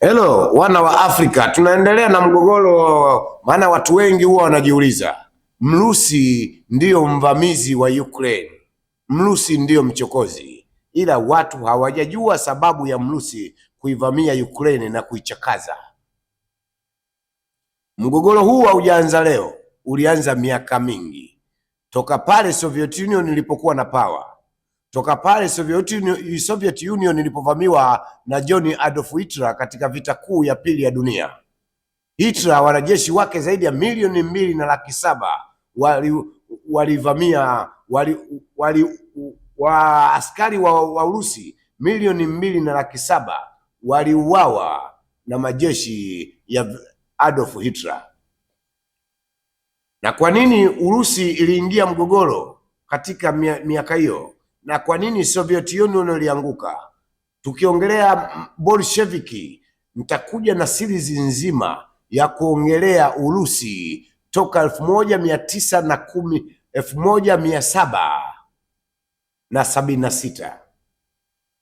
Hello, wana wa Afrika, tunaendelea na mgogoro, maana watu wengi huwa wanajiuliza, Mrusi ndiyo mvamizi wa Ukraine, Mrusi ndiyo mchokozi, ila watu hawajajua sababu ya Mrusi kuivamia Ukraine na kuichakaza. Mgogoro huu haujaanza leo, ulianza miaka mingi toka pale Soviet Union ilipokuwa na power Toka pale Soviet Union, Soviet Union ilipovamiwa na John Adolf Hitler katika vita kuu ya pili ya dunia. Hitler wanajeshi wake zaidi ya milioni mbili na laki saba walivamia wali wali, wali, wa askari wa, wa Urusi milioni mbili na laki saba waliuawa na majeshi ya Adolf Hitler. Na kwa nini Urusi iliingia mgogoro katika miaka hiyo? na kwa nini Soviet Union ilianguka. Tukiongelea Bolsheviki, mtakuja na sirizi nzima ya kuongelea Urusi toka elfu moja mia tisa na kumi elfu moja mia saba na sabini na sita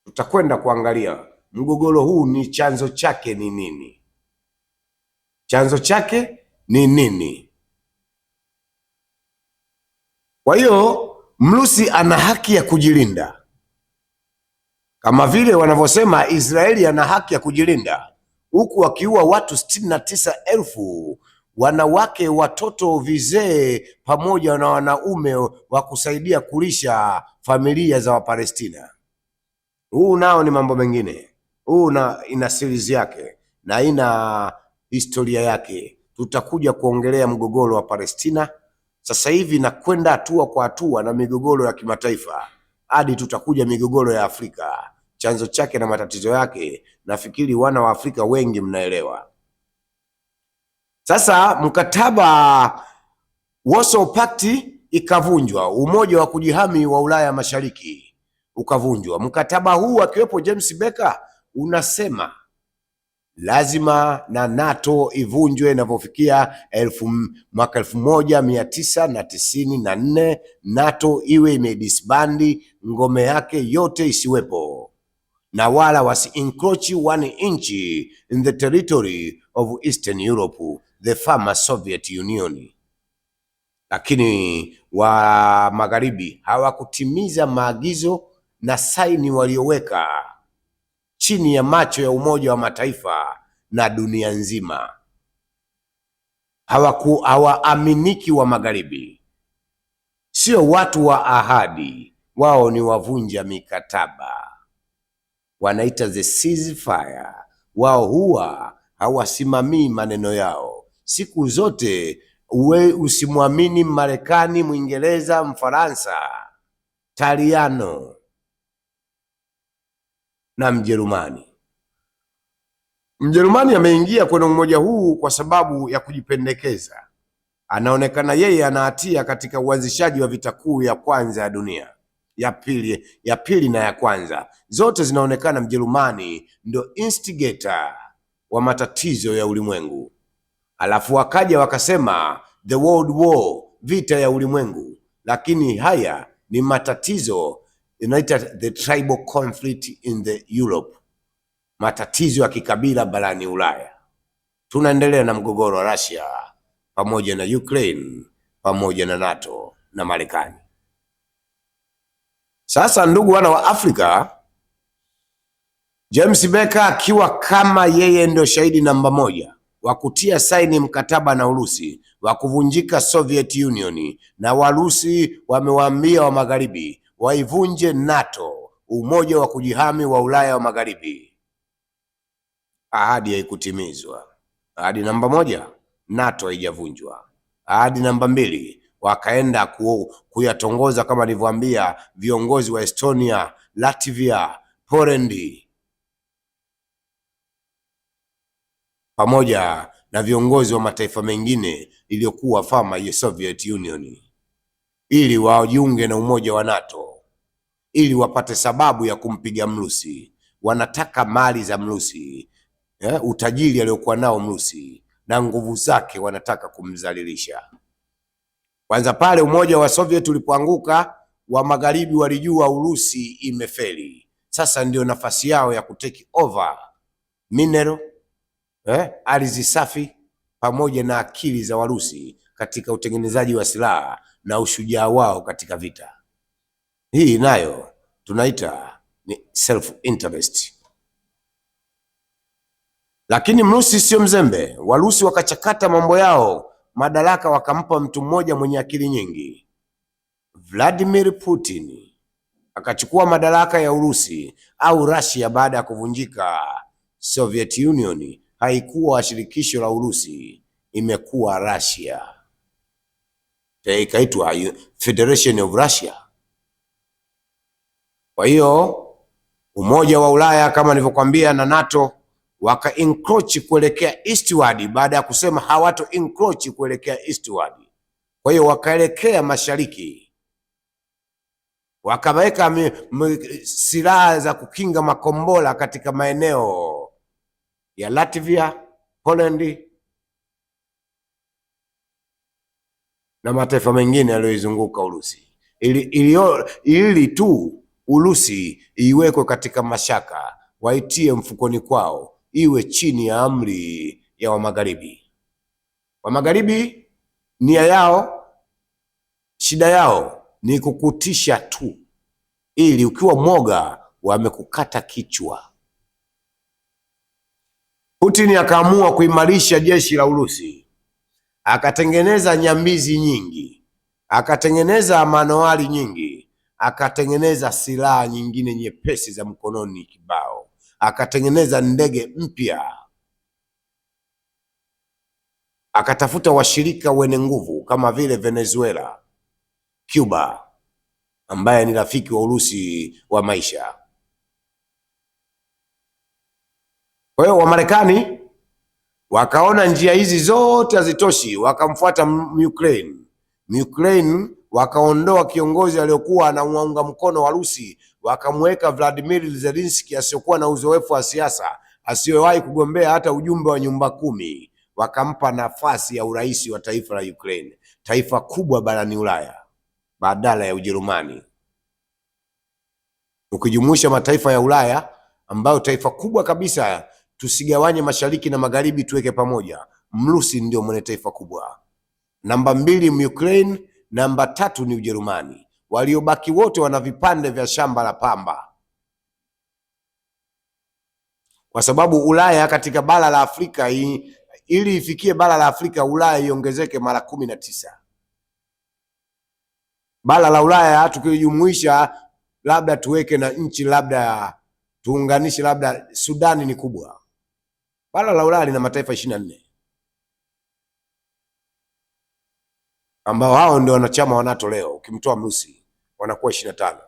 tutakwenda kuangalia mgogoro huu ni chanzo chake ni nini, chanzo chake ni nini. Kwa hiyo Mrusi ana haki ya kujilinda kama vile wanavyosema Israeli ana haki ya kujilinda, huku wakiua watu sitini na tisa elfu wanawake, watoto, vizee pamoja na wanaume wa kusaidia kulisha familia za Wapalestina. Huu nao ni mambo mengine, huu ina series yake na ina historia yake. Tutakuja kuongelea mgogoro wa Palestina. Sasa hivi nakwenda hatua kwa hatua na migogoro ya kimataifa hadi tutakuja migogoro ya Afrika, chanzo chake na matatizo yake, nafikiri wana wa Afrika wengi mnaelewa. Sasa mkataba Warsaw Pact ikavunjwa, umoja wa kujihami wa Ulaya Mashariki ukavunjwa. Mkataba huu akiwepo James Baker unasema lazima na NATO ivunjwe inavyofikia mwaka elfu moja mia tisa na tisini na nne NATO iwe imedisbandi ngome yake yote isiwepo na wala wasi encroach one inch in the territory of Eastern Europe the former Soviet Union. Lakini wa magharibi hawakutimiza maagizo na saini walioweka chini ya macho ya Umoja wa Mataifa na dunia nzima. Hawaku hawaaminiki wa magharibi, sio watu wa ahadi, wao ni wavunja mikataba. Wanaita the ceasefire, wao huwa hawasimamii maneno yao siku zote. Uwe usimwamini Marekani, Mwingereza, Mfaransa, Taliano na Mjerumani. Mjerumani ameingia kwenye umoja huu kwa sababu ya kujipendekeza. Anaonekana yeye ana hatia katika uanzishaji wa vita kuu ya kwanza ya dunia, ya pili, ya pili na ya kwanza, zote zinaonekana Mjerumani ndio instigator wa matatizo ya ulimwengu. Alafu wakaja wakasema the world war, vita ya ulimwengu, lakini haya ni matatizo inaita the tribal conflict in the Europe, matatizo ya kikabila barani Ulaya. Tunaendelea na mgogoro wa Russia pamoja na Ukraine pamoja na NATO na Marekani. Sasa ndugu wana wa Afrika, James Baker akiwa kama yeye ndio shahidi namba moja wa kutia saini mkataba na Urusi wa kuvunjika Soviet Union, na Warusi wamewaambia wa magharibi waivunje NATO, umoja wa kujihami wa Ulaya wa Magharibi. Ahadi haikutimizwa. Ahadi namba moja, NATO haijavunjwa. Ahadi namba mbili, wakaenda ku, kuyatongoza kama nilivyoambia viongozi wa Estonia, Latvia, Poland pamoja na viongozi wa mataifa mengine iliyokuwa fama ya Soviet Union ili wajiunge na umoja wa NATO ili wapate sababu ya kumpiga mrusi. Wanataka mali za mrusi eh, utajiri aliokuwa nao mrusi na nguvu zake, wanataka kumdhalilisha. Kwanza pale umoja wa Soviet ulipoanguka, wa magharibi walijua Urusi imefeli. Sasa ndio nafasi yao ya kuteki over mineral eh, ardhi safi pamoja na akili za Warusi katika utengenezaji wa silaha na ushujaa wao katika vita. Hii nayo tunaita ni self interest. Lakini mrusi sio mzembe. Warusi wakachakata mambo yao, madaraka wakampa mtu mmoja mwenye akili nyingi. Vladimir Putin akachukua madaraka ya Urusi au Russia baada ya kuvunjika Soviet Union. Haikuwa shirikisho la Urusi, imekuwa Russia, ikaitwa Federation of Russia. Kwa hiyo Umoja wa Ulaya kama nilivyokuambia na NATO waka encroach kuelekea eastward, baada ya kusema hawato encroach kuelekea eastward. Kwa hiyo wakaelekea mashariki, wakaweka silaha za kukinga makombora katika maeneo ya Latvia, Poland na mataifa mengine yaliyoizunguka Urusi ili, ili, ili tu Urusi iwekwe katika mashaka, waitie mfukoni kwao, iwe chini ya amri ya Wamagharibi. Wamagharibi nia yao, shida yao ni kukutisha tu, ili ukiwa mwoga wamekukata kichwa. Putin akaamua kuimarisha jeshi la Urusi, akatengeneza nyambizi nyingi, akatengeneza manowari nyingi akatengeneza silaha nyingine nyepesi za mkononi kibao, akatengeneza ndege mpya, akatafuta washirika wenye nguvu kama vile Venezuela, Cuba ambaye ni rafiki wa Urusi wa maisha. Kwa hiyo Wamarekani wakaona njia hizi zote hazitoshi, wakamfuata Ukraine. Ukraine wakaondoa kiongozi aliyokuwa anaunga mkono Warusi, wakamweka Vladimir Zelensky asiyokuwa na uzoefu wa siasa, asiyowahi kugombea hata ujumbe wa nyumba kumi, wakampa nafasi ya urais wa taifa la Ukraine, taifa kubwa barani Ulaya badala ya Ujerumani. Ukijumuisha mataifa ya Ulaya ambayo taifa kubwa kabisa, tusigawanye mashariki na magharibi, tuweke pamoja. Mrusi ndio mwenye taifa kubwa namba mbili, Ukraine namba tatu ni Ujerumani. Waliobaki wote wana vipande vya shamba la pamba, kwa sababu Ulaya katika bara la Afrika hii, ili ifikie bara la Afrika, Ulaya iongezeke mara kumi na tisa. Bara la Ulaya tukijumuisha labda tuweke na nchi labda tuunganishe, labda Sudani ni kubwa. Bara la Ulaya lina mataifa ishirini na nne. ambao hao ndio wanachama wa NATO leo, ukimtoa Mrusi wanakuwa ishirini na tano.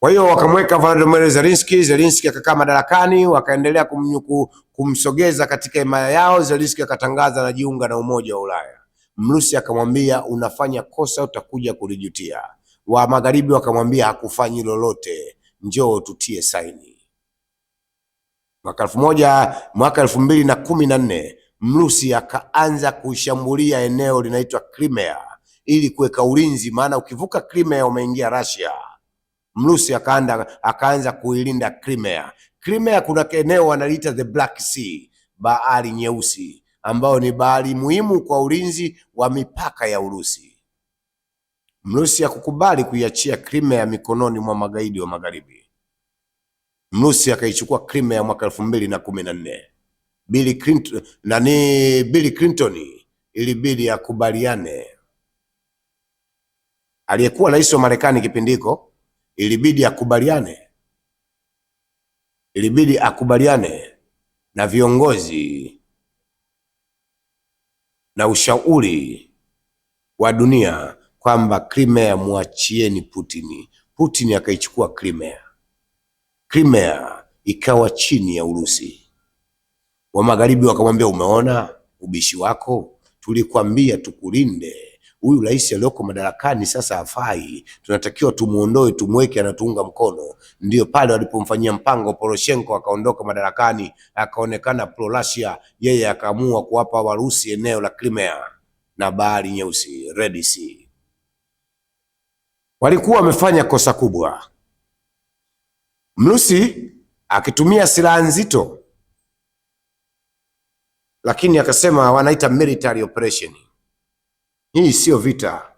Kwa hiyo wakamweka Volodymyr Zelensky, Zelensky akakaa madarakani, wakaendelea kumnyuku kumsogeza katika himaya yao. Zelensky akatangaza anajiunga na Umoja wa Ulaya. Mrusi akamwambia unafanya kosa, utakuja kulijutia. Wa magharibi wakamwambia hakufanyi lolote, njoo tutie saini. Mwaka elfu moja mwaka elfu mbili na kumi na nne Mrusi akaanza kushambulia eneo linaitwa Crimea ili kuweka ulinzi, maana ukivuka Crimea umeingia Russia. Mrusi akaanza akaanza kuilinda Crimea. Crimea kuna eneo wanaliita the Black Sea, bahari nyeusi, ambayo ni bahari muhimu kwa ulinzi wa mipaka ya Urusi. Mrusi akukubali kuiachia Crimea mikononi mwa magaidi wa magharibi. Mrusi akaichukua Crimea mwaka elfu mbili na kumi na nne. Bill Clinton, nani Bill Clinton ilibidi akubaliane, aliyekuwa rais wa Marekani kipindi ilibidi akubaliane, ilibidi akubaliane na viongozi na ushauri wa dunia kwamba Crimea muachieni Putin. Putin akaichukua Crimea, Crimea ikawa chini ya Urusi wa magharibi wakamwambia, umeona ubishi wako, tulikwambia tukulinde. Huyu rais aliyoko madarakani sasa hafai, tunatakiwa tumuondoe, tumweke anatuunga mkono. Ndio pale walipomfanyia mpango Poroshenko, akaondoka madarakani, akaonekana pro Russia, yeye akaamua kuwapa Warusi eneo la Crimea na bahari nyeusi, Red Sea. Walikuwa wamefanya kosa kubwa. Mrusi akitumia silaha nzito lakini akasema wanaita military operation. Hii sio vita.